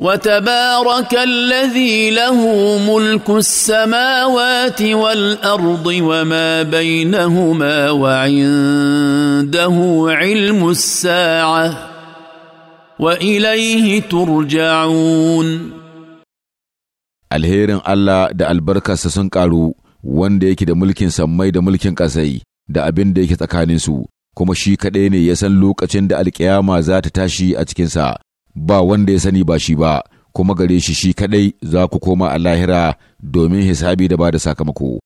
وتبارك الذي له ملك السماوات والارض وما بينهما وعنده علم الساعه واليه ترجعون alherin Allah da albarkarsa sun ƙaru wanda yake da mulkin sammai da mulkin ƙasai da abin da yake tsakaninsu kuma shi kaɗai ne ya san lokacin da alƙiyama za ta tashi a cikinsa ba wanda ya sani ba shi ba kuma gare shi shi kadai za ku koma a lahira domin hisabi da ba da sakamako